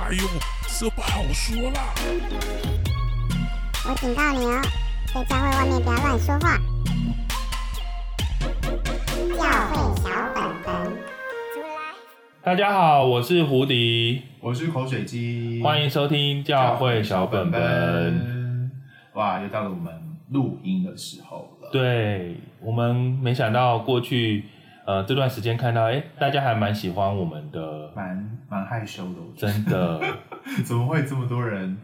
哎呦，這不好說了。我警告你哦，在教會外面不要亂說話。教會小本本出來。大家好，我是胡迪，我是口水雞，歡迎收聽教會小本本。哇，又到了我們錄音的時候了。對，我們沒想到過去。呃，這段時間看到，哎、欸，大家還蠻喜歡我們的，蠻蠻害羞的，真的。 怎麼會這麼多人？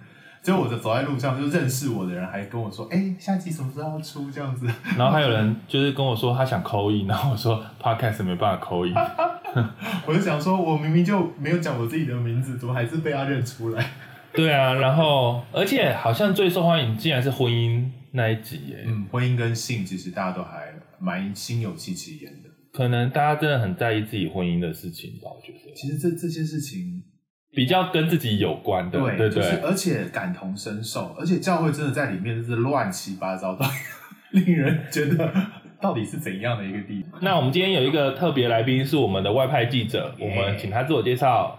就我走在路上，就認識我的人還跟我說，哎、欸，下集什麼時候要出？這樣子。然後還有人就是跟我說，他想 call in，然後我說，Podcast 沒辦法 call in。 我就想說，我明明就沒有講我自己的名字，怎麼還是被他認出來？ 對啊，然後而且好像最受歡迎竟然是婚姻那一集耶。嗯，婚姻跟性其實大家都還蠻心有戚戚焉。可能大家真的很在意自己婚姻的事情吧？我覺得，其實這這些事情比較跟自己有關的，對對，對，就是、而且感同身受，而且教會真的在裡面是亂七八糟的，令人覺得到底是怎樣的一個地方。 那我們今天有一個特別來賓是我們的外派記者，我們請他自我介紹。Yeah.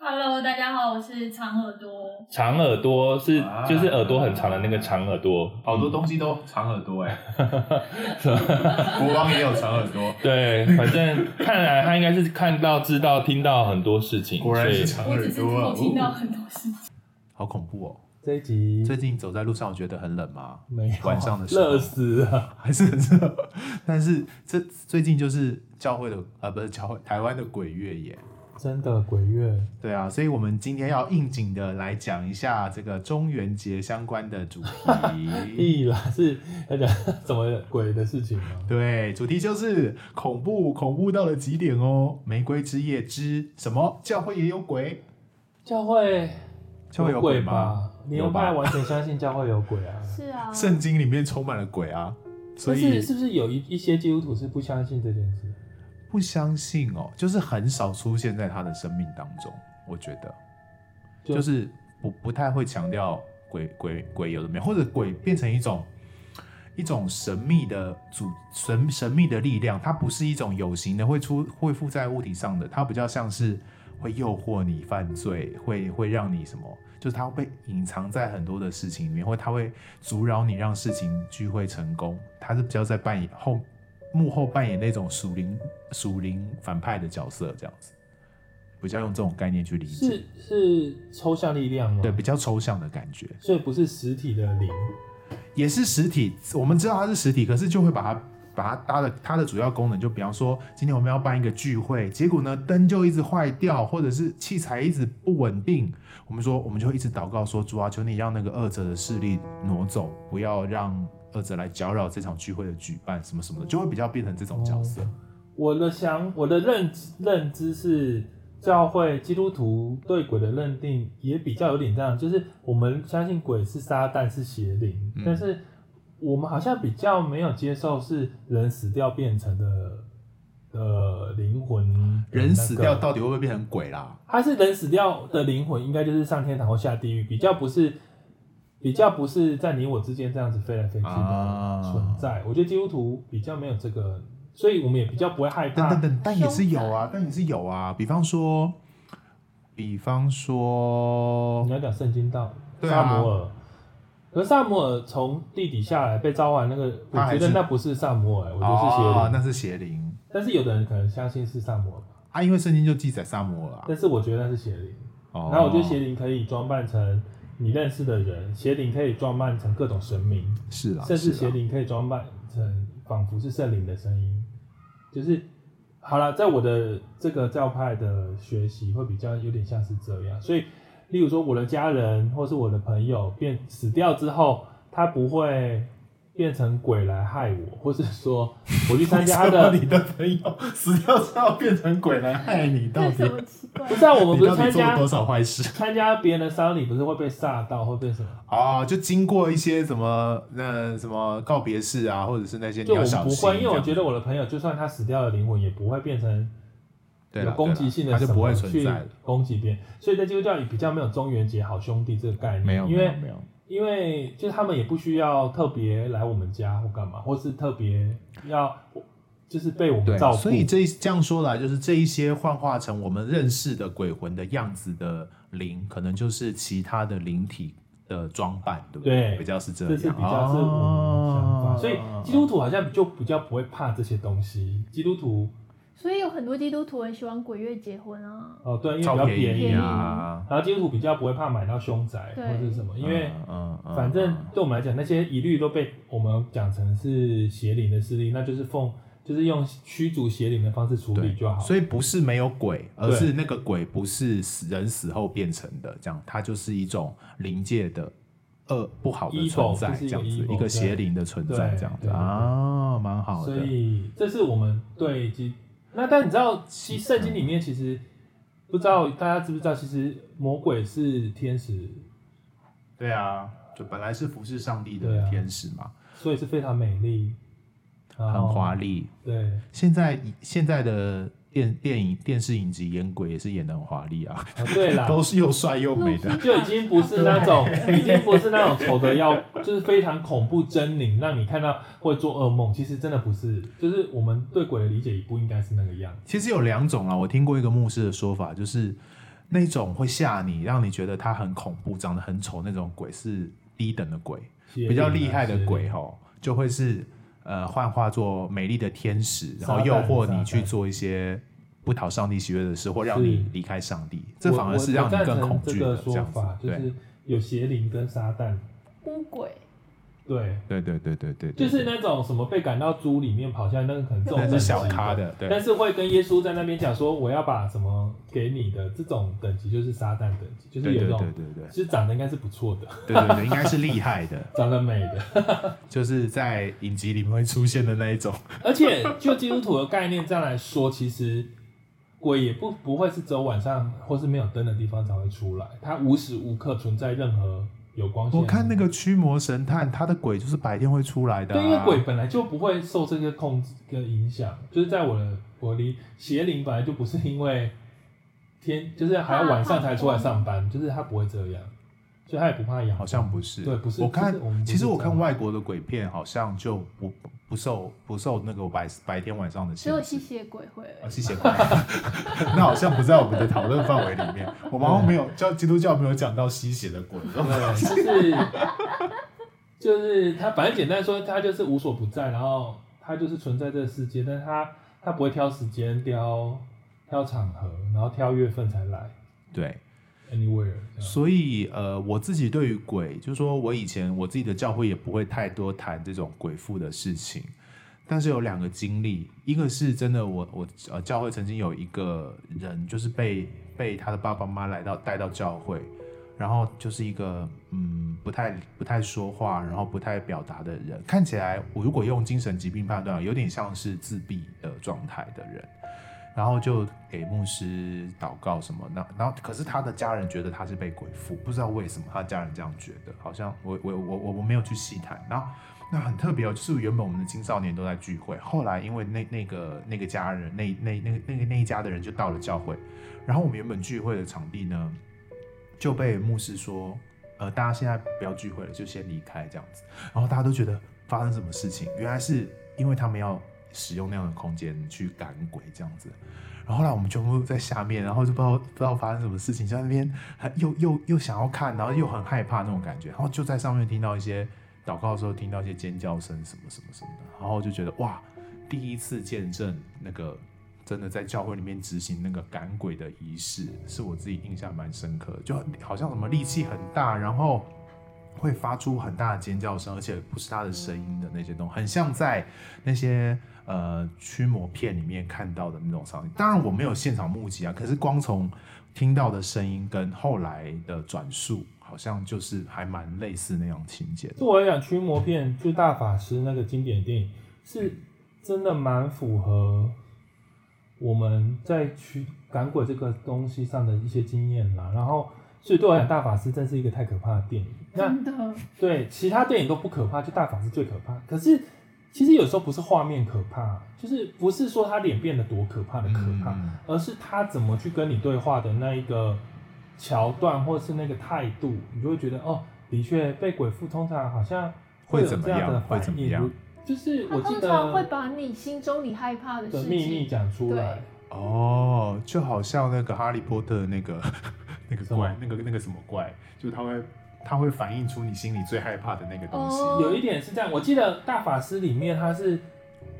Hello，大家好，我是長耳朵。長耳朵是就是耳朵很長的那個長耳朵，啊，嗯、好多東西都長耳朵哎， 國王也有長耳朵。對，反正看來他應該是看到、知道、聽到很多事情。果然是長耳朵，聽到很多事情。好恐怖哦！這一集最近走在路上，我覺得很冷嗎？沒有，晚上的時候。熱死了， 還是很熱。但是這最近就是教會的啊、呃，不是教會，台灣的鬼月耶。真的鬼月，對啊，所以我們今天要應景的來講一下這個中元節相關的主題， 欸、是來講什麼鬼的事情啊？對，主題就是恐怖，恐怖到了極點哦、喔！玫瑰之夜之什麼？教會也有鬼？教會教會有鬼吧，有鬼吧，你又不太完全相信教會有鬼啊？ 是啊，聖經裡面充滿了鬼啊，所以是，是不是有一一些基督徒是不相信這件事？不相信哦，就是很少出現在他的生命當中。我覺得，就、就是不不太會強調鬼鬼鬼有的沒，或者鬼變成一種一種神秘的主神神秘的力量，它不是一種有形的會出會附在物體上的，它比較像是會誘惑你犯罪，會會讓你什麼，就是它會隱藏在很多的事情裡面，或它會阻擾你讓事情聚會成功，它是比較在扮演後。幕後扮演那種屬靈屬靈反派的角色，這樣子，比較用這種概念去理解，是是抽象力量嗎？對，比較抽象的感覺，所以不是實體的靈，也是實體。我們知道它是實體，可是就會把它。把它搭的，它的主要功能就比方說，今天我們要辦一個聚會，結果呢燈就一直壞掉、嗯，或者是器材一直不穩定，我們說我們就會一直禱告說主啊，求你讓那個惡者的勢力挪走，不要讓惡者來攪擾這場聚會的舉辦，什麼什麼的，就會比較變成這種角色。我的想，我的認認知是，教會基督徒對鬼的認定也比較有點這樣，就是我們相信鬼是撒旦是邪靈、嗯，但是。我們好像比較沒有接受是人死掉變成的呃靈魂、那個，人死掉到底會不會變成鬼啦？還是人死掉的靈魂，應該就是上天堂或下地獄，比較不是比較不是在你我之間這樣子飛來飛去的，啊、存在。我覺得基督徒比較沒有這個，所以我們也比較不會害怕。等等，但也是有啊，但也是有啊，比方說，比方說你要講聖經到，啊、撒母耳。可是撒母耳從地底下來被召喚，那個我覺得那不是撒母耳、欸哦，我覺得是邪那是邪靈。但是有的人可能相信是撒母耳啊，因為聖經就記載撒母耳啦。但是我覺得那是邪靈、哦。然後我覺得邪靈可以裝扮成你認識的人，邪靈可以裝扮成各種神明，是啊，甚至邪靈可以裝扮成仿佛是聖靈的聲音，就是好了，在我的這個教派的學習會比較有點像是這樣，所以。例如說，我的家人或是我的朋友變死掉之後，他不會變成鬼來害我，或是說我去參加他的 你，你的朋友死掉之後變成鬼來害你， 你到底？是不是、啊，道我們不是參加多少壞事，參加別人的喪禮不是會被煞到，會被什麼？啊，就經過一些什麼那什麼告別式啊，或者是那些你要小心，就我不會，因為我覺得我的朋友，就算他死掉了，靈魂也不會變成。有攻擊性的就不會存在的攻擊，的攻擊別所以在基督教裡比較沒有中元節好兄弟這個概念，沒有，因為沒有因為就是他們也不需要特別來我們家或幹嘛，或是特別要就是被我們照顧。啊、所以這這樣說來，就是這一些幻化成我們認識的鬼魂的樣子的靈，可能就是其他的靈體的裝扮，對不對，對？比較是這樣，這比較是五、哦，所以基督徒好像就比較不會怕這些東西。基督徒。所以有很多基督徒很喜歡鬼月結婚啊。哦，對，因為比較便宜，便宜啊便宜。然後基督徒比較不會怕買到凶宅或者什麼，因為嗯嗯，嗯，反正、嗯嗯、對我們來講，那些疑慮都被我們講成是邪靈的勢力，那就是奉就是用驅逐邪靈的方式處理就好。所以不是沒有鬼，而是那個鬼不是死人死後變成的，這樣它就是一種靈界的惡不好的存在，這樣子一個邪靈的存在，這樣子啊，蠻好的。所以這是我們對基。嗯那但你知道，其聖經裡面其實不知道大家知不知道？其實魔鬼是天使，對啊，就本來是服侍上帝的天使嘛，啊、所以是非常美麗、很華麗。對，現在現在的。電電影、電視影集演鬼也是演的很華麗啊，啊，對啦，都是又帥又美的，就已經不是那種，已經不是那種醜的要， 就是非常恐怖猙獰，讓你看到會做噩夢。其實真的不是，就是我們對鬼的理解也不應該是那個樣子。其實有兩種啊，我聽過一個牧師的說法，就是那種會嚇你，讓你覺得他很恐怖、長得很醜那種鬼是低等的鬼，比較厲害的鬼吼的就會是，呃，幻化作美麗的天使，然後誘惑你去做一些不討上帝喜悅的事，或讓你離開上帝。這反而是讓你更恐懼的，這說法這樣子，對，就是有邪靈跟撒旦、污、嗯、鬼。對,對對對對對,對,對,對,對就是那種什麼被趕到豬裡面跑下來，那個可能這種是小咖的，但是會跟耶穌在那邊講說，我要把什麼給你的這種等級，就是撒旦等級，就是那種對對對對其實、就是、長得應該是不錯的，對對對,對，應該是厲害的， 長得美的， 就是在影集裡面會出現的那一種。而且就基督徒的概念這樣來說，其實鬼也不不會是只有晚上或是沒有燈的地方才會出來，它無時無刻存在任何。有光線啊、我看那個驅魔神探，他的鬼就是白天會出來的、啊。對，因為鬼本來就不會受這些控制的、這個、影響，就是在我的佛裡，邪靈本來就不是因為天，就是還要晚上才出來上班，就是他不會這樣。所以他也不怕癢，好像不是，對，不是。我看，我其實我看外國的鬼片，好像就不像就不，不受不受那個白白天晚上的限制。只有吸血鬼會。啊、哦，吸血鬼， 那好像不在我們的討論範圍裡面。我們沒有教基督教沒有講到吸血的鬼，對。就是、就是、他，反正簡單說，他就是無所不在，然後他就是存在這個世界，但是他他不會挑時間、挑挑場合，然後挑月份才來。對。Anywhere, yeah. 所以，呃，我自己對於鬼，就是說我以前我自己的教會也不會太多談這種鬼附的事情，但是有兩個經歷，一個是真的我，我我呃教會曾經有一個人，就是被被他的爸爸媽媽來到帶到教會，然後就是一個嗯不太不太說話，然後不太表達的人，看起來我如果用精神疾病判斷，有點像是自閉的狀態的人。然後就給牧師禱告什麼，那然後可是他的家人覺得他是被鬼附，不知道為什麼他的家人這樣覺得，好像我我我我我沒有去細談。然後那很特別哦，就是原本我們的青少年都在聚會，後來因為那那個那個家人那那那那個那那一家的人就到了教會，然後我們原本聚會的場地呢就被牧師說，呃，大家現在不要聚會了，就先離開這樣子。然後大家都覺得發生什麼事情，原來是因為他們要。使用那樣的空間去趕鬼這樣子，然後後來我們全部在下面，然後就不知道不知道發生什麼事情，在那邊又又又想要看，然後又很害怕那種感覺，然後就在上面聽到一些禱告的時候聽到一些尖叫聲什麼什麼什麼的，然後就覺得哇，第一次見證那個真的在教會裡面執行那個趕鬼的儀式，是我自己印象蠻深刻的，就好像什麼力氣很大，然後會發出很大的尖叫聲，而且不是他的聲音的那些東西，很像在那些。呃，驅魔片裡面看到的那種場景，當然我沒有現場目擊啊。可是光從聽到的聲音跟後來的轉述，好像就是還蠻類似那種情節。對我來講，驅魔片就大法師那個經典的電影，是真的蠻符合我們在驅趕鬼這個東西上的一些經驗啦。然後，所以對我來講，大法師真是一個太可怕的電影。真的。那對其他電影都不可怕，就大法師最可怕。可是。其實有時候不是畫面可怕，就是不是說他臉變得多可怕的可怕，嗯，而是他怎麼去跟你對話的那一個橋段，或是那個態度，你就會覺得哦，的確被鬼附，通常好像會，有這樣會怎麼樣的反應，就是我通常會把你心中你害怕的事情的秘密講出來，哦，oh, 就好像那個哈利波特那個 那個怪，那個那個什麼怪，就他會。他會反映出你心裡最害怕的那個東西。Oh. 有一點是這樣，我記得《大法師》裡面他是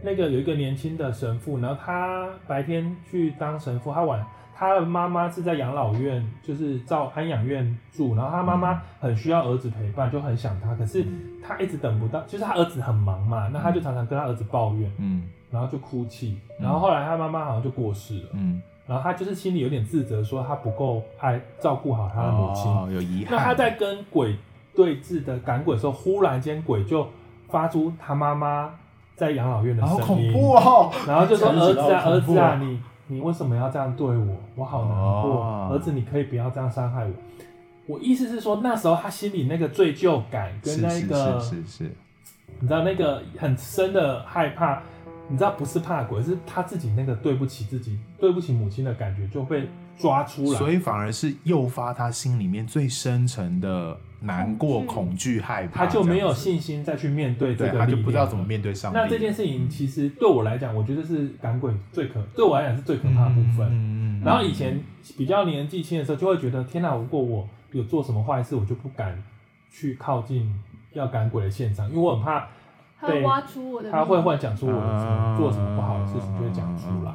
那個有一個年輕的神父，然後他白天去當神父，他晚他的媽媽是在養老院，就是照安養院住，然後他媽媽很需要兒子陪伴，就很想他，可是他一直等不到，就是他兒子很忙嘛，那他就常常跟他兒子抱怨，嗯，然後就哭泣，然後後來他媽媽好像就過世了，嗯。然後他就是心裡有點自責，說他不夠愛照顧好他的母親。哦、那他在跟鬼對峙的趕鬼的時候，忽然間鬼就發出他媽媽在養老院的聲音，哦、然後就說：“兒子、啊，兒子啊，你你為什麼要這樣對我？我好難過，哦、兒子，你可以不要這樣傷害我。”我意思是說，那時候他心裡那個罪疚感跟那個是是是是是是，你知道那個很深的害怕。你知道不是怕鬼，是他自己那個對不起自己、對不起母親的感覺就被抓出來，所以反而是誘發他心裡面最深層的難過、嗯、恐懼、害怕，他就沒有信心再去面對，這個對。他就不知道怎麼面對上帝。那這件事情其實對我來講，我覺得是趕鬼最可，對我來講是最可怕的部分。嗯、然後以前比較年紀輕的時候，就會覺得天哪無過！如果我有做什麼壞事，我就不敢去靠近要趕鬼的現場，因為我很怕。他會幻想出我的出我什、嗯、做什麼不好的事情、嗯、就會講出來，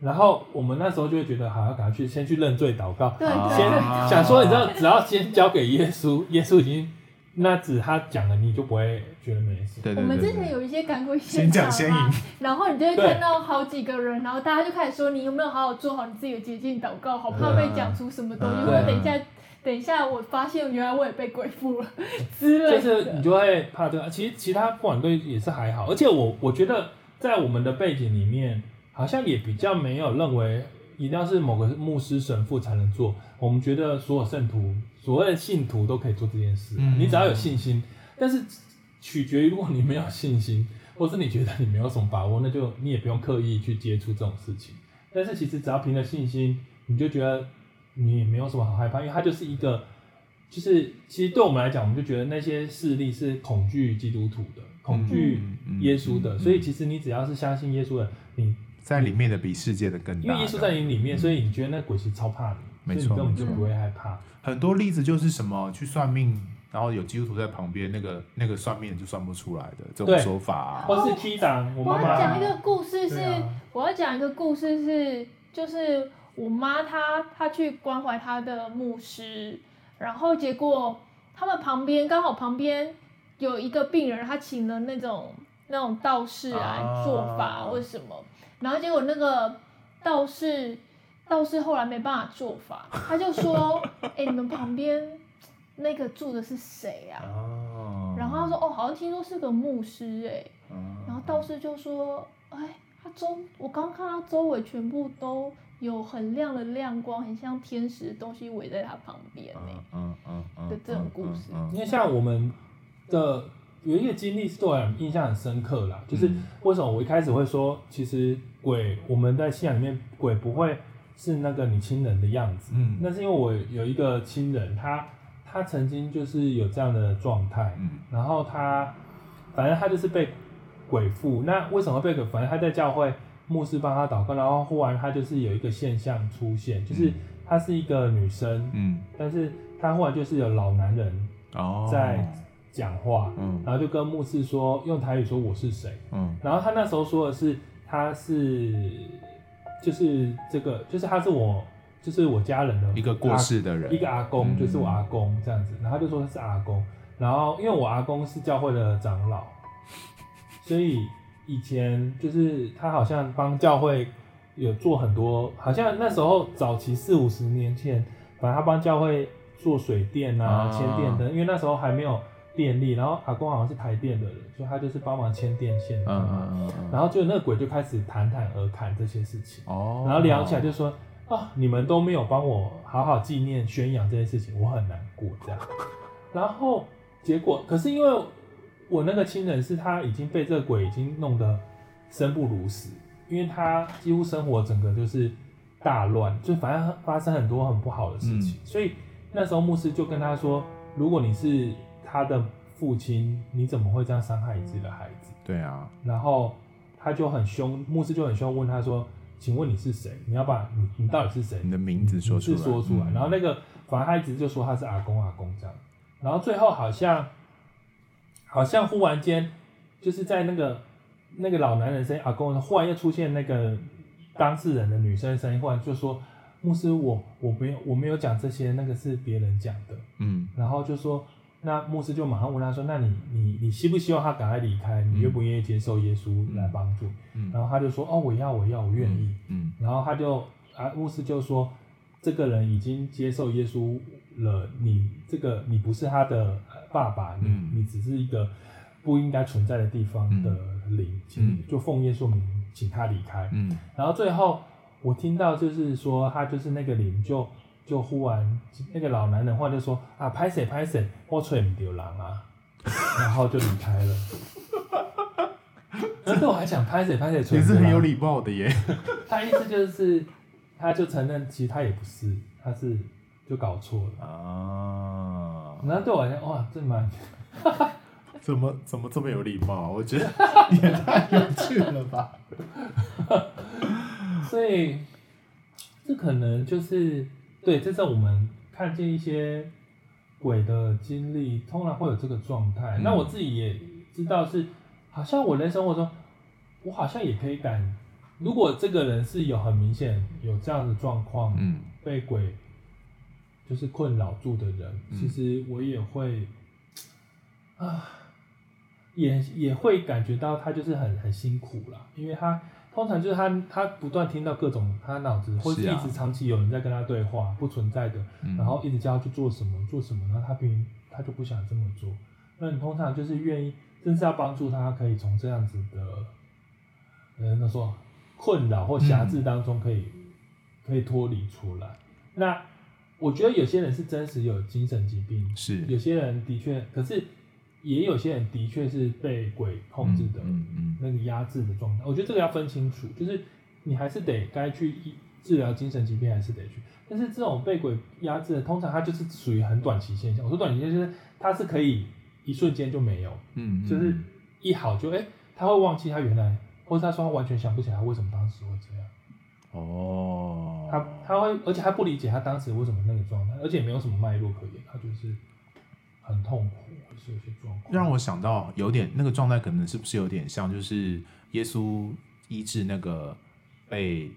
然後我們那時候就會覺得，好，要趕快去先去認罪禱告，對、啊、先對，想說你知道，只要先交給耶穌，耶穌已經那只他講了，你就不會覺得沒事。對對對，我們之前有一些趕鬼現場嘛，先先然後你就會看到好幾個人，然後大家就開始說，你有沒有好好做好你自己的潔淨禱告？好怕被講出什麼東西，或、啊嗯、等一下。等一下，我發現原來我也被鬼附了，之類的。就是你就會怕對、這個、其實其他不管對也是還好，而且我我覺得在我們的背景裡面，好像也比較沒有認為一定要是某個牧師神父才能做。我們覺得所有聖徒、所有信徒都可以做這件事、啊。嗯嗯，你只要有信心，但是取決於如果你沒有信心，或是你覺得你沒有什麼把握，那就你也不用刻意去接觸這種事情。但是其實只要憑着信心，你就覺得。你也沒有什麼好害怕，因為它就是一個，就是其實對我們來講，我們就覺得那些勢力是恐懼基督徒的，恐懼耶穌的，嗯嗯嗯嗯。所以其實你只要是相信耶穌的，你在裡面的比世界的更大的。因為耶穌在你裡裡面，所以你覺得那鬼是超怕的，嗯、你，沒錯，根本就不會害怕。很多例子就是什麼去算命，然後有基督徒在旁邊，那個那個算命就算不出來的這種說法，啊或哦。我是踢長，我要講一個故事是，我要講一、啊、一個故事是，就是。我媽她她去關懷她的牧師，然後結果他們旁邊剛好旁邊有一個病人，他請了那種那種道士來、啊、做法，為什麼？然後結果那個道士道士後來沒辦法做法，他就說：“哎、欸，你們旁邊那個住的是誰啊？”然後他說：“哦，好像聽說是個牧師。”哎，然後道士就說：“哎、欸，他周我剛看到他周圍全部都。”有很亮的亮光，很像天使的東西圍在他旁邊呢、欸。嗯嗯嗯。的這種故事。Uh, uh, uh, uh. 因為像我們的有一個經歷是對我印象很深刻啦，就是為什麼我一開始會說，嗯、其實鬼我們在信仰裡面鬼不會是那個你親人的樣子。嗯。那是因為我有一個親人，他他曾經就是有這樣的狀態。嗯。然後他反正他就是被鬼附，那為什麼被鬼附？反正他在教會。牧師幫他禱告，然後忽然他就是有一個現象出現，就是她是一個女生，嗯，但是她忽然就是有老男人哦在講話，哦，嗯，然後就跟牧師說，用台語說我是誰，嗯，然後他那時候說的是他是就是這個就是他是我就是我家人的一個過世的人，一個阿公，就是我阿公這樣子，嗯、然後他就說他是阿公，然後因為我阿公是教會的長老，所以。以前就是他好像幫教會有做很多，好像那時候早期四五十年前，反正他幫教會做水電啊、牽、嗯嗯嗯、電燈，因為那時候還沒有電力。然後阿公好像是台電的人，所以他就是幫忙牽電線的。的、嗯嗯嗯嗯嗯、然後就那個鬼就開始侃侃而談這些事情。哦、嗯嗯嗯。然後聊起來就說嗯嗯嗯啊，你們都沒有幫我好好紀念宣揚這件事情，我很難過這樣。然後結果可是因為。我那個親人是他已經被這個鬼已經弄得生不如死，因為他幾乎生活整個就是大亂，就反正發生很多很不好的事情、嗯。所以那時候牧師就跟他說：“如果你是他的父親，你怎麼會這樣傷害自己的孩子？”對啊。然後他就很凶，牧師就很凶問他說：“請問你是誰？你要把你你到底是誰？你的名字說出來，說出來。嗯、然後那個反正他一直就說他是阿公阿公這樣。然後最後好像。好像忽然間，就是在那個那個老男人聲音跟我忽然又出現那個當事人的女生聲音，忽然就說：“牧師，我我沒有我沒有講這些，那個是別人講的。”嗯，然後就說：“那牧師就馬上問他說：‘那你你你希不希望他趕快離開？你願不願意接受耶穌來幫助？’”嗯，然後他就說：“哦，我要，我要，我願意。嗯”嗯，然後他就啊，牧師就說：“這個人已經接受耶穌。”了，你這個你不是他的爸爸，嗯、你你只是一個不應該存在的地方的靈、嗯，請、嗯、就奉耶穌名，請他離開。嗯，然後最後我聽到就是說，他就是那個靈就就忽然那個老男人話就說啊，拍誰拍誰我吹不丟人啊， 然後就離開了。哈哈哈哈真的我還想拍誰拍誰吹。也是很有禮貌的耶。 他意思就是，他就承認其實他也不是，他是。就搞錯了啊！那對我來講，哇，這蠻， 怎麼怎麼這麼有禮貌？我覺得也太有趣了吧！ 所以這可能就是對，這是我們看見一些鬼的經歷，通常會有這個狀態、嗯。那我自己也知道是，好像我在生活中，我好像也可以感，如果這個人是有很明顯有這樣的狀況，嗯，被鬼。就是困擾住的人，其實我也會，嗯、啊，也也會感覺到他就是很很辛苦啦，因為他通常就是他他不斷聽到各種，他腦子會、啊、一直長期有人在跟他對話，不存在的，嗯、然後一直叫他去做什麼做什麼，然後他平他就不想這麼做。那你通常就是願意，真是要幫助他，他可以從這樣子的，呃，那說困擾或轄制當中，可以、嗯、可以脫離出來，那。我覺得有些人是真實有精神疾病，是，有些人的確，可是也有些人的確是被鬼控制的，那個壓制的狀態，嗯嗯嗯，我覺得這個要分清楚，就是你還是得該去治療精神疾病，還是得去，但是這種被鬼壓制的，通常他就是屬於很短期現象。我說短期現象，他是可以一瞬間就沒有，嗯嗯嗯，就是一好就哎，欸，他會忘記他原來，或者他說他完全想不起來他為什麼當時會這樣。哦、oh.，他他會，而且他不理解他當時為什麼那個狀態，而且也沒有什麼脈絡可言，他就是很痛苦，是有些狀況。讓我想到有點那個狀態，可能是不是有點像就是耶穌醫治那個被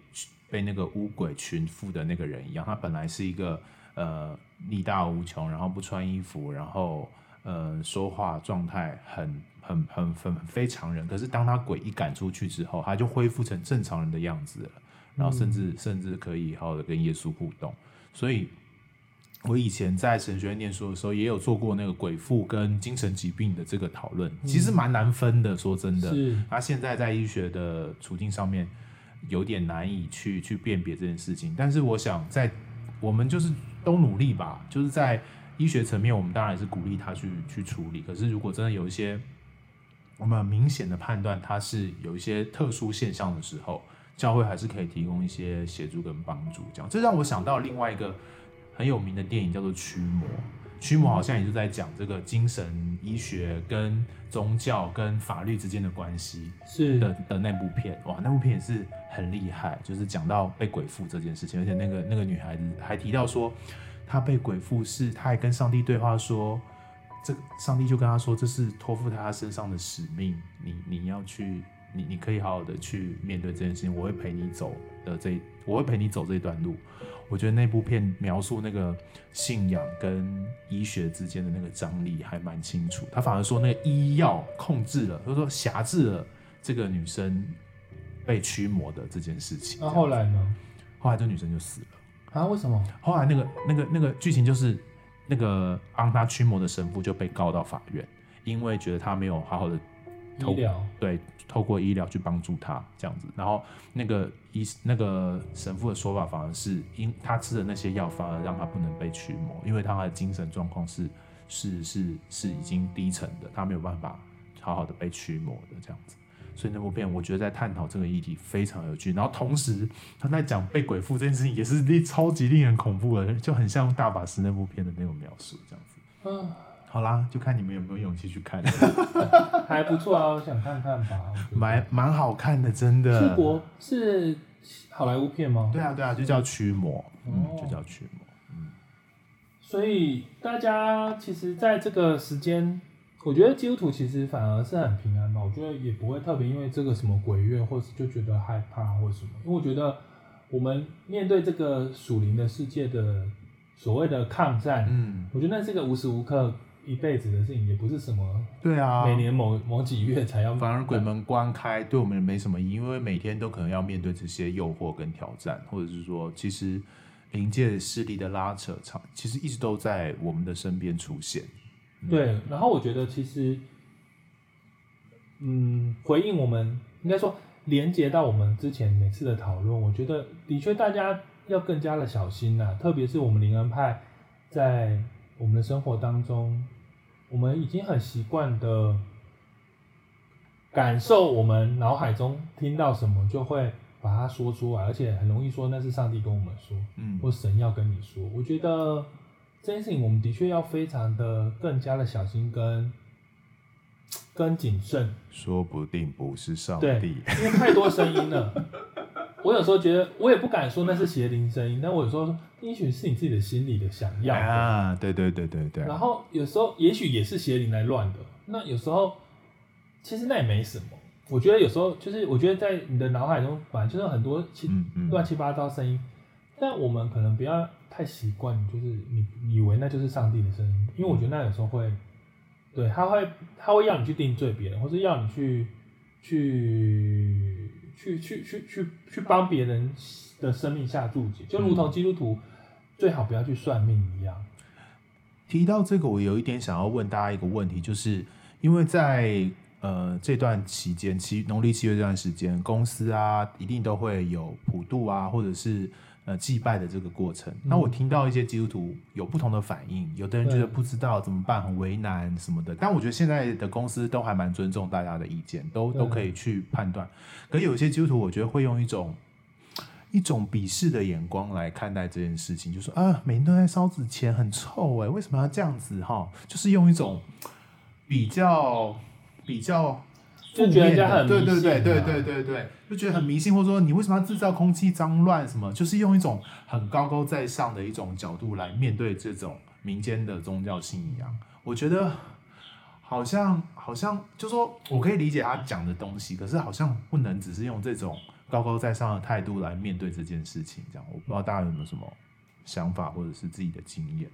被那個污鬼群附的那個人一樣？他本來是一個呃力大無窮，然後不穿衣服，然後呃說話狀態很很很很非常人，可是當他鬼一趕出去之後，他就恢復成正常人的樣子了。然後甚至、嗯、甚至可以好好的跟耶穌互動，所以我以前在神學院念書的時候，也有做過那個鬼附跟精神疾病的這個討論，其實蠻難分的。嗯、說真的，他現在在醫學的處境上面，有點難以去去辨別這件事情。但是我想，在我們就是都努力吧，就是在醫學層面，我們當然是鼓勵他去去處理。可是如果真的有一些我們明顯的判斷，他是有一些特殊現象的時候，教會還是可以提供一些協助跟幫助，這樣這讓我想到另外一個很有名的電影叫做《驅魔》，驅魔好像也就在講這個精神醫學跟宗教跟法律之間的關係的，是的的那部片，哇，那部片也是很厲害，就是講到被鬼附這件事情，而且那個那個女孩子還提到說，她被鬼附是，她還跟上帝對話說，這上帝就跟她說，這是托付她身上的使命，你你要去。你你可以好好的去面對這件事情，我會陪你走的這，我會陪你走這一段路。我覺得那部片描述那個信仰跟醫學之間的那個張力還蠻清楚。他反而說那個醫藥控制了，他說轄制了這個女生被驅魔的這件事情。那、啊、後來呢？後來這女生就死了啊？為什麼？後來那個那個那個劇情就是那個幫他驅魔的神父就被告到法院，因為覺得他沒有好好的。醫療對，透過醫療去幫助他這樣子。然後那個醫那個神父的說法，反而是因他吃的那些藥，反而讓他不能被驅魔，因為他，他的精神狀況是是是是已經低沉的，他沒有辦法好好的被驅魔的這樣子。所以那部片我覺得在探討這個議題非常有趣。然後同時他在講被鬼附這件事情，也是令超級令人恐怖的，就很像大法師那部片的那種描述這樣子。嗯。好啦，就看你們有沒有勇氣去看 。還不錯啊，我想看看吧。蠻蠻好看的，真的。出國是好萊塢片嗎？對啊，對啊，就叫驅魔。哦。嗯，就叫驅魔。嗯。所以大家其實在這個時間，我覺得基督徒其實反而是很平安吧。我覺得也不會特別因為這個什麼鬼月，或是就覺得害怕或什麼。因為我覺得我們面對這個屬靈的世界的所謂的抗戰，嗯，我覺得那是一個無時無刻。一輩子的事情也不是什麼，對啊、每年某某幾月才要。反而鬼門關開，對我們沒什麼意義，因為每天都可能要面對這些誘惑跟挑戰，或者是說，其實靈界勢力的拉扯，其實一直都在我們的身邊出現。嗯、對，然後我覺得其實，嗯，回應我們應該說連接到我們之前每次的討論，我覺得的確大家要更加的小心了、啊，特別是我們靈恩派在。我們的生活當中，我們已經很習慣的感受，我們腦海中聽到什麼，就會把它說出來，而且很容易說那是上帝跟我們說，嗯，或神要跟你說。我覺得這件事情，我們的確要非常的、更加的小心跟跟謹慎。說不定不是上帝，因為太多聲音了。 我有時候覺得，我也不敢說那是邪靈聲音、嗯，但我有時候說，也許是你自己的心裡的想要的。啊，對對對對對。然後有時候，也許也是邪靈來亂的。那有時候，其實那也沒什麼。我覺得有時候，就是我覺得在你的腦海中反正就是很多亂七、嗯嗯、七八糟聲音，但我們可能不要太習慣，就是你以為那就是上帝的聲音，因為我覺得那有時候會，嗯、對，他會他會要你去定罪別人，或是要你去去。去去去去去幫別人的生命下註解，就如同基督徒、嗯、最好不要去算命一樣。提到這個，我有一點想要問大家一個問題，就是因為在呃這段期間，其農曆七月這段時間，公司啊一定都會有普度啊，或者是。呃，祭拜的這個過程，那我聽到一些基督徒有不同的反應，嗯、有的人覺得不知道怎麼辦，很為難什麼的。但我覺得現在的公司都還蠻尊重大家的意見，都都可以去判斷。可有一些基督徒，我覺得會用一種一種鄙視的眼光來看待這件事情，就是、說啊，每天都在燒紙錢，很臭誒、欸，為什麼要這樣子哈？就是用一種比較比較。就覺得人家很、啊、對對對對對對對，對，就覺得很迷信，或者說你為什麼要製造空氣髒亂什麼，就是用一種很高高在上的一種角度來面對這種民間的宗教信仰。我覺得好像好像，就是說我可以理解他講的東西，可是好像不能只是用這種高高在上的態度來面對這件事情。這樣，我不知道大家有沒有什麼想法或者是自己的經驗。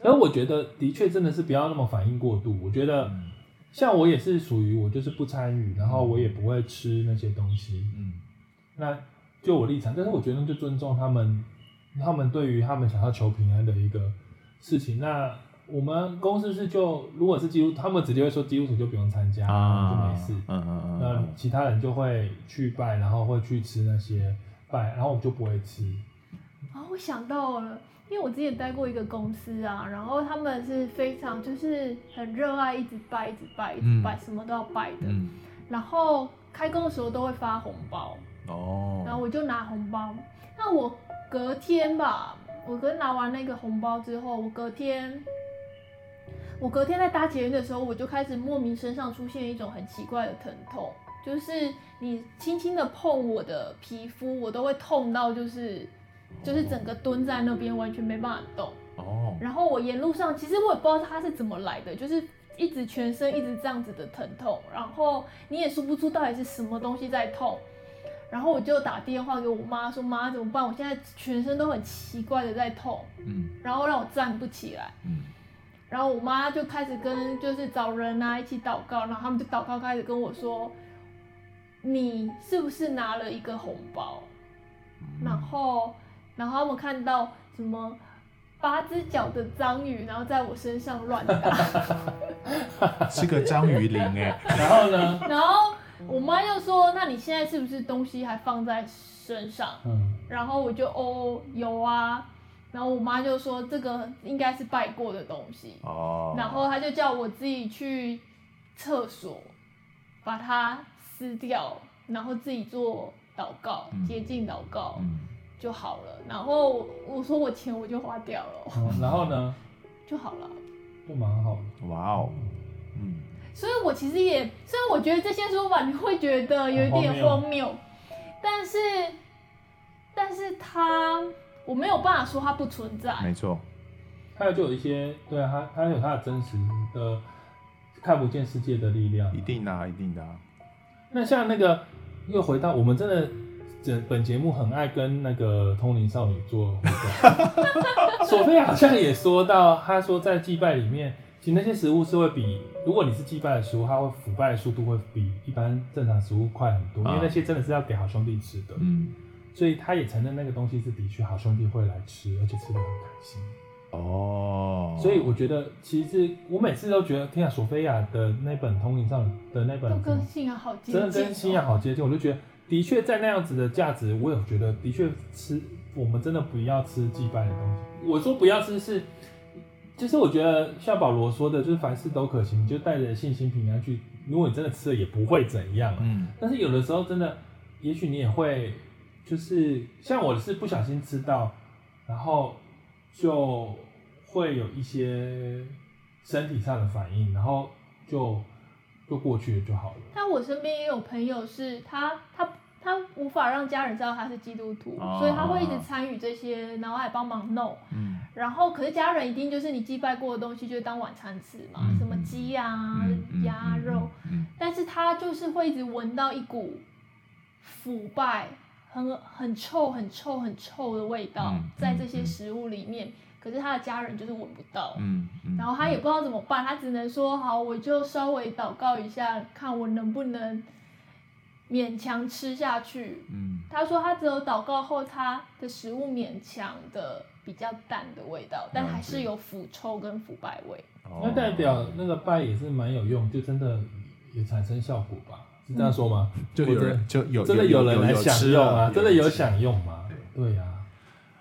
而我覺得的確真的是不要那麼反應過度。我覺得、嗯。像我也是屬於我就是不參與，然後我也不會吃那些東西。嗯，那就我立場，但是我覺得就尊重他們，他們對於他們想要求平安的一個事情。那我們公司是就如果是基督，他們直接會說基督徒就不用參加，啊、就沒事、啊啊啊。那其他人就會去拜，然後會去吃那些拜，然後我就不會吃。啊、哦，我想到了。因為我之前待過一個公司啊，然後他們是非常就是很熱愛一直拜一直拜一直拜，嗯，什麼都要拜的，嗯。然後開工的時候都會發紅包，哦，然後我就拿紅包。那我隔天吧，我剛拿完那個紅包之後，我隔天，我隔天在搭捷運的時候，我就開始莫名身上出現一種很奇怪的疼痛，就是你輕輕的碰我的皮膚，我都會痛到就是。就是整個蹲在那邊，完全沒辦法動。然後我沿路上，其實我也不知道他是怎麼來的，就是一直全身一直這樣子的疼痛，然後你也說不出到底是什麼東西在痛。然後我就打電話給我媽說：“媽，怎麼辦？我現在全身都很奇怪的在痛。”然後讓我站不起來。然後我媽就開始跟就是找人啊一起禱告，然後他們就禱告開始跟我說：“你是不是拿了一個紅包？”然後。然後他們看到什麼八隻腳的章魚，然後在我身上亂打， 是個章魚靈哎。 然後呢？然後我媽就說：“那你現在是不是東西還放在身上？”嗯。然後我就哦，有啊。然後我媽就說：“這個應該是拜過的東西。”哦，然後她就叫我自己去廁所把它撕掉，然後自己做禱告，潔淨禱告。嗯嗯就好了，然後我說我錢我就花掉了，哦、然後呢，就好了，不蠻好的，哇哦，嗯，所以我其實也，雖然我覺得這些說法你會覺得有一點荒謬、哦哦，但是，但是他，我沒有辦法說他不存在，沒錯，有就有一些對啊，他它，它有他的真實的看不見世界的力量，一定的、啊，一定的、啊，那像那個又回到我們真的。本節目很愛跟那個通靈少女做互動， 索菲亞好像也說到，她說在祭拜裡面，其實那些食物是會比如果你是祭拜的食物，它會腐敗的速度會比一般正常食物快很多，因為那些真的是要給好兄弟吃的，嗯、所以她也承認那個東西是的確好兄弟會來吃，而且吃的很開心哦，所以我覺得其實我每次都覺得，聽、啊、索菲亞的那本通靈少女的那本，跟信仰好接近、哦，真的跟信仰好接近，我就覺得。的確，在那樣子的價值，我也覺得的確吃，我們真的不要吃祭拜的東西。我說不要吃是，是就是我覺得像保羅說的，就是凡事都可行，你就帶着信心平安去。如果你真的吃了，也不會怎樣。嗯。但是有的時候真的，也許你也會就是像我是不小心吃到，然後就會有一些身體上的反應，然後就。就過去就好了。但我身邊也有朋友是，是他，他，他無法讓家人知道他是基督徒，哦、所以他會一直參與這些、哦，然後還幫忙弄。嗯、然後，可是家人一定就是你祭拜過的東西，就當晚餐吃嘛，嗯、什麼雞啊、鴨、嗯、肉、嗯嗯嗯。但是他就是會一直聞到一股腐敗、很很臭、很臭、很臭的味道、嗯、在這些食物裡面。嗯嗯嗯.可是他的家人就是聞不到，嗯，嗯，然後他也不知道怎麼辦，嗯、他只能說、嗯、好，我就稍微禱告一下，看我能不能勉強吃下去。嗯，他說他只有禱告後，他的食物勉強的比較淡的味道，但還是有腐臭跟腐敗味、哦。那代表那個拜也是蠻有用，就真的也產生效果吧？是這樣說嗎？嗯、就有人就有真的有人來享用啊？真的有享用嗎？對呀。對啊。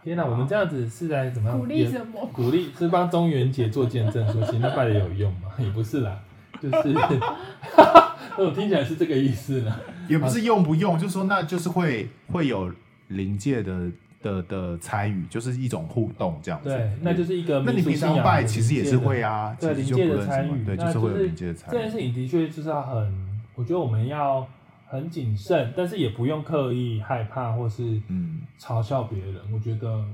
天哪、啊啊，我們這樣子是在怎麼樣？鼓勵什麼？鼓勵是幫中元節做見證是是，說行善拜的有用嗎？也不是啦，就是，我、 嗯、聽起來是這個意思呢。也不是用不用，啊、就是說那就是會會有靈界的的的參與，就是一種互動這樣子。對，嗯、那就是一個是、啊。那你平常拜其實也是會啊，對靈界的參與，對，就是會有靈界的參與、就是。這件事情的確就是要很，我覺得我們要。很謹慎，但是也不用刻意害怕或是嘲笑別人、嗯。我覺得，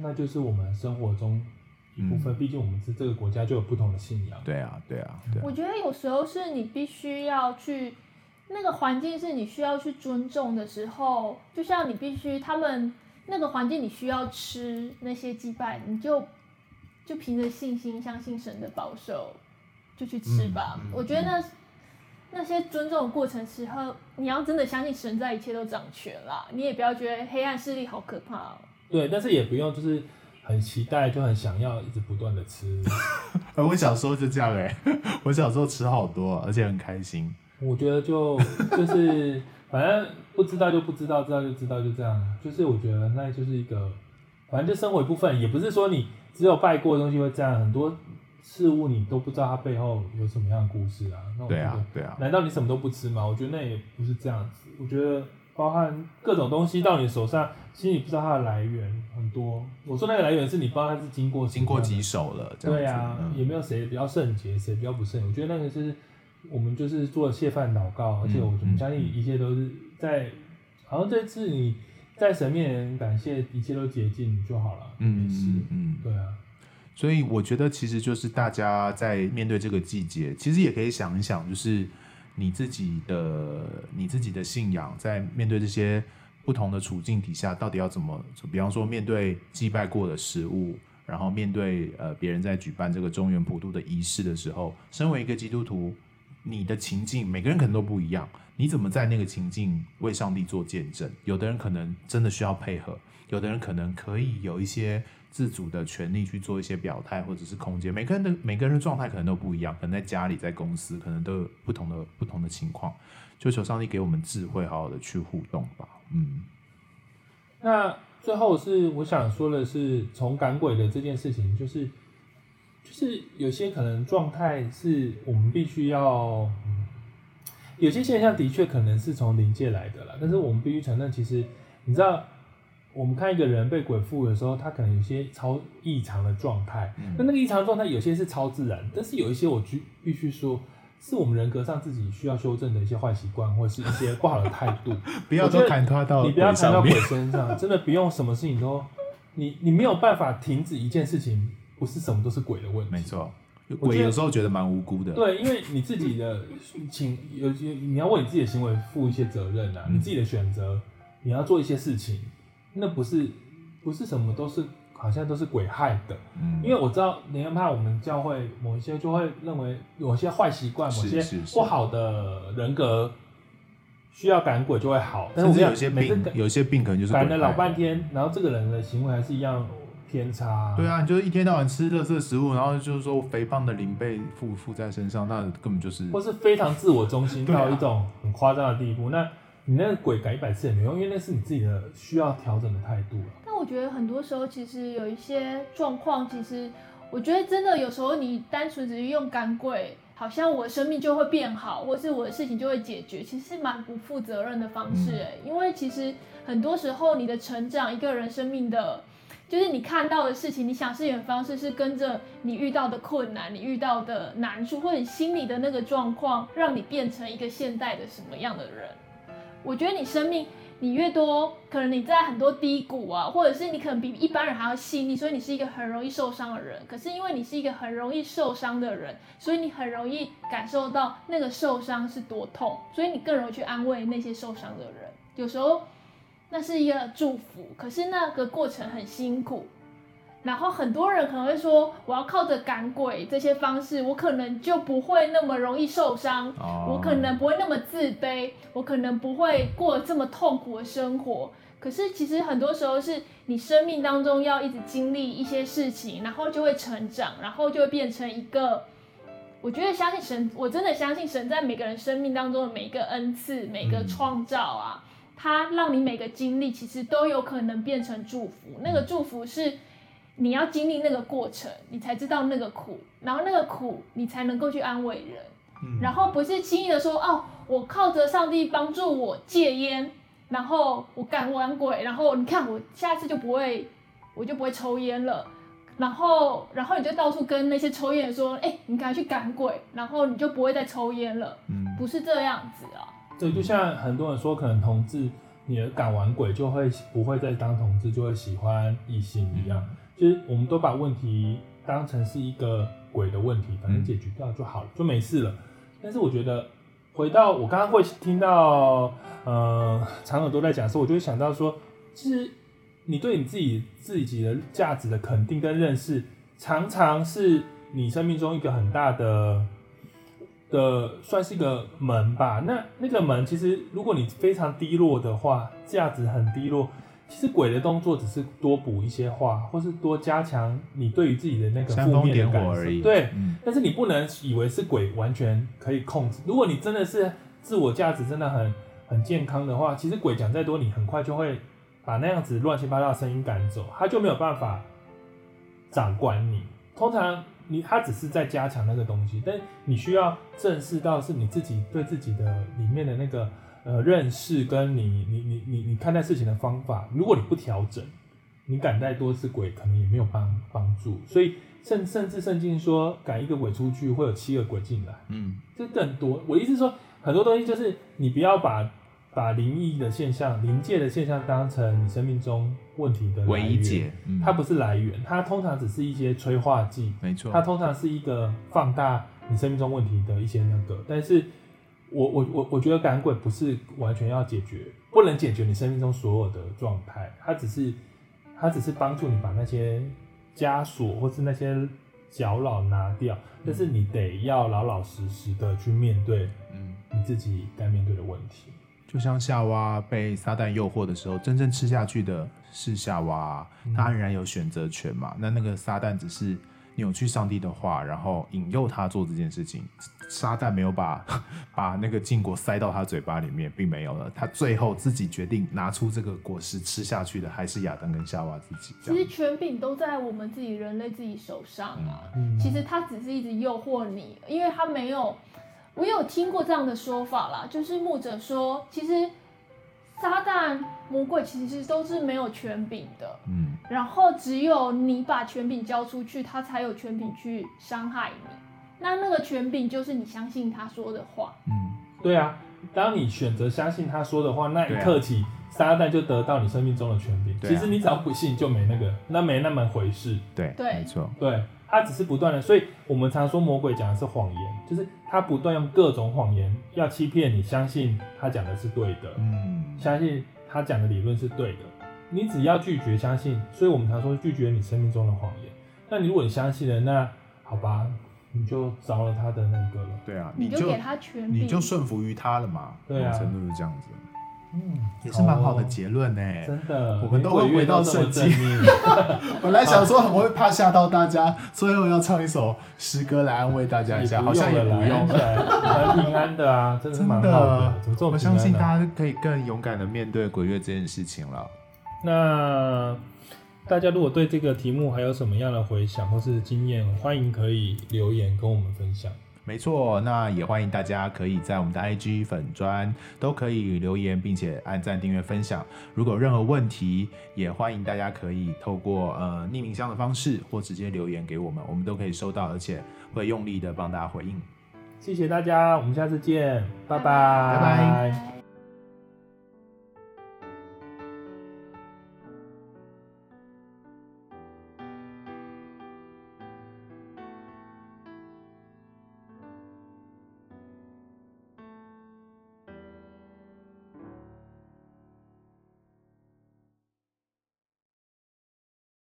那就是我們生活中一部分。畢、嗯、竟我們是這個國家，就有不同的信仰。對啊，對啊，對啊。我覺得有時候是你必須要去那個環境，是你需要去尊重的時候。就像你必須他們那個環境，你需要吃那些祭拜，你就就憑着信心相信神的保守，就去吃吧。嗯、我覺得那。嗯那些尊重過程時候，你要真的相信神在一切都掌權啦，你也不要覺得黑暗勢力好可怕喔。對，但是也不用就是很期待，就很想要一直不斷的吃。而 我小時候就這樣哎，欸，我小時候吃好多，而且很開心。我覺得就就是反正不知道就不知道，知道就知道，就這樣。就是我覺得那就是一個，反正就生活一部分，也不是說你只有拜過的東西會這樣很多。事物，你都不知道它背後有什麼樣的故事啊。那我覺得，難道你什麼都不吃嗎？啊啊。我覺得那也不是這樣子。我覺得包含各種東西到你手上，其實你不知道它的來源很多。我說那個來源是你不知道它是經過經過幾手了這樣子，對啊，有、嗯、沒有誰比較聖潔，誰比較不聖潔。我覺得那個是，我們就是做謝飯禱告、嗯，而且我們相信一切都是在、嗯。好像這次你在神面前感謝，一切都潔淨就好了、嗯，沒事，嗯，對啊。所以我覺得，其實就是大家在面對這個季節，其實也可以想一想，就是你自己的、你自己的信仰，在面對這些不同的處境底下，到底要怎麼？比方說，面對祭拜過的食物，然後面對呃別人在舉辦這個中元普渡的儀式的時候，身為一個基督徒，你的情境，每個人可能都不一樣，你怎麼在那個情境為上帝做見證？有的人可能真的需要配合，有的人可能可以有一些。自主的權利去做一些表態或者是空間，每個人的每個人的狀態可能都不一樣，可能在家裡、在公司可能都有不同的不同的情況，就求上帝給我們智慧，好好的去互動吧。嗯。那最後是我想說的是，從趕鬼的這件事情，就是就是有些可能狀態是我們必須要、嗯，有些現象的確可能是從靈界來的啦，但是我們必須承認，其實你知道。我們看一個人被鬼附的時候，他可能有些超異常的狀態。那、嗯、那個異常狀態有些是超自然，但是有一些我必須說，是我們人格上自己需要修正的一些壞習慣，或是一些不好的態度。 不要都砍他到，到鬼身上，真的不用什麼事情都。你你沒有辦法停止一件事情，不是什麼都是鬼的問題。沒錯，鬼有時候覺得蠻無辜的。對，因為你自己的請有些你要為你自己的行為負一些責任吶、啊嗯，你自己的選擇，你要做一些事情。那不是，不是什麼都是，好像都是鬼害的。嗯，因為我知道你異怕我們教會某一些就會認為，有些壞習慣，某些不好的人格，需要趕鬼就會好。甚至有些病，每次有些病可能就是趕了老半天，然後這個人的行為還是一樣偏差。對啊，你就是一天到晚吃垃圾食物，然後就是說肥胖的靈被附附在身上，那根本就是，或是非常自我中心、啊、到一種很誇張的地步。那你那個鬼改一百次也沒用，因為那是你自己的需要調整的態度了、啊。但我覺得很多時候，其實有一些狀況，其實我覺得真的有時候你單純只是用趕鬼，好像我的生命就會變好，或是我的事情就會解決，其實是蠻不負責任的方式。哎、嗯，因為其實很多時候你的成長，一個人生命的，就是你看到的事情，你想適應的方式，是跟着你遇到的困難，你遇到的難處，或者你心裡的那個狀況，讓你變成一個現在的什麼樣的人。我覺得你生命你越多，可能你在很多低谷啊，或者是你可能比一般人還要細膩，所以你是一個很容易受傷的人。可是因為你是一個很容易受傷的人，所以你很容易感受到那個受傷是多痛，所以你更容易去安慰那些受傷的人。有時候那是一個祝福，可是那個過程很辛苦。然後很多人可能會說，我要靠着趕鬼這些方式，我可能就不會那麼容易受傷，哦、我可能不會那麼自卑，我可能不會過這麼痛苦的生活。可是其實很多時候，是你生命當中要一直經歷一些事情，然後就會成長，然後就會變成一個。我覺得相信神，我真的相信神在每個人生命當中的每一個恩賜、每個創造啊，它、嗯、讓你每個經歷其實都有可能變成祝福。那個祝福是。你要經歷那個過程，你才知道那個苦，然後那個苦，你才能夠去安慰人，嗯，然後不是輕易的說哦，我靠着上帝幫助我戒煙，然後我趕完鬼，然後你看我下次就不會，我就不會抽煙了，然後然後你就到處跟那些抽煙人說，哎，你趕快去趕鬼，然後你就不會再抽煙了，嗯，不是這樣子啊，對，就像很多人說，可能同志，你趕完鬼就會不會再當同志，就會喜歡異性一樣。嗯其實我們都把問題當成是一個鬼的問題，反正解決掉就好了，嗯、就沒事了。但是我覺得，回到我剛剛會聽到，呃，長耳朵在講說，我就會想到說，其實你對你自己自己的價值的肯定跟認識，常常是你生命中一個很大的的算是一個門吧。那那個門，其實如果你非常低落的話，價值很低落。其實鬼的動作只是多補一些話，或是多加強你對於自己的那個負面的感受而已。對、嗯，但是你不能以為是鬼完全可以控制。如果你真的是自我價值真的很很健康的話，其實鬼講再多，你很快就會把那樣子亂七八糟的聲音趕走，他就沒有辦法掌管你。通常你他只是在加強那個東西，但你需要正視到是你自己對自己的裡面的那個，呃，認識跟你你你你你看待事情的方法，如果你不調整，你趕再多隻鬼，可能也沒有幫幫助。所以甚，甚甚至甚至聖經說，趕一個鬼出去，會有七個鬼進來，嗯，這更多。我意思說，很多東西就是你不要把把靈異的現象、靈界的現象當成你生命中問題的來源，唯一解嗯、它不是來源，它通常只是一些催化劑，沒錯。它通常是一個放大你生命中問題的一些那個，但是。我我我我覺得趕鬼不是完全要解決，不能解決你生命中所有的狀態，它只是它只是幫助你把那些枷鎖或是那些攪擾拿掉，但是你得要老老實實的去面對，嗯，你自己該面對的問題。就像夏娃被撒旦誘惑的時候，真正吃下去的是夏娃、啊嗯，她仍然有選擇權嘛？那那個撒旦只是。扭曲上帝的話，然後引誘他做這件事情。撒旦沒有把把那個禁果塞到他嘴巴裡面，並沒有了。他最後自己決定拿出這個果實吃下去的，還是亞當跟夏娃自己。其實權柄都在我們自己人類自己手上啊、嗯。其實他只是一直誘惑你，因為他沒有。我有聽過這樣的說法啦，就是牧者說，其實撒旦。魔鬼其實都是沒有權柄的，嗯，然後只有你把權柄交出去，他才有權柄去傷害你。那那個權柄就是你相信他說的話，嗯，對啊，當你選擇相信他說的話那一刻起，對啊，撒旦就得到你生命中的權柄。其實你只要不信就沒那個，那沒那麼回事，對，對，沒錯，對，他只是不斷的，所以我們常說魔鬼講的是謊言，就是他不斷用各種謊言要欺騙你，相信他講的是對的，嗯，相信。他講的理論是對的，你只要拒絕相信，所以我們常說拒絕你生命中的謊言。那你如果你相信了，那好吧，你就着了他的那個了。對啊，你就，你就給他權力，你就順服於他了嘛。對啊，程度是這樣子。嗯，也是蠻好的結論呢、哦。真的，我們都會回到設計。這麼 本來想說很會怕嚇到大家， 所以我要唱一首詩歌來安慰大家一下，好像也不用，很 平安的啊，真的，是蠻好的。真的麼麼，我相信大家可以更勇敢的面對鬼月這件事情了。那大家如果對這個題目還有什麼樣的回想或是經驗，歡迎可以留言跟我們分享。沒錯，那也歡迎大家可以在我們的 IG 粉專都可以留言，並且按讚、訂閱、分享。如果有任何問題，也歡迎大家可以透過呃匿名箱的方式或直接留言給我們，我們都可以收到，而且會用力的幫大家回應。謝謝大家，我們下次見，拜拜。拜拜拜拜。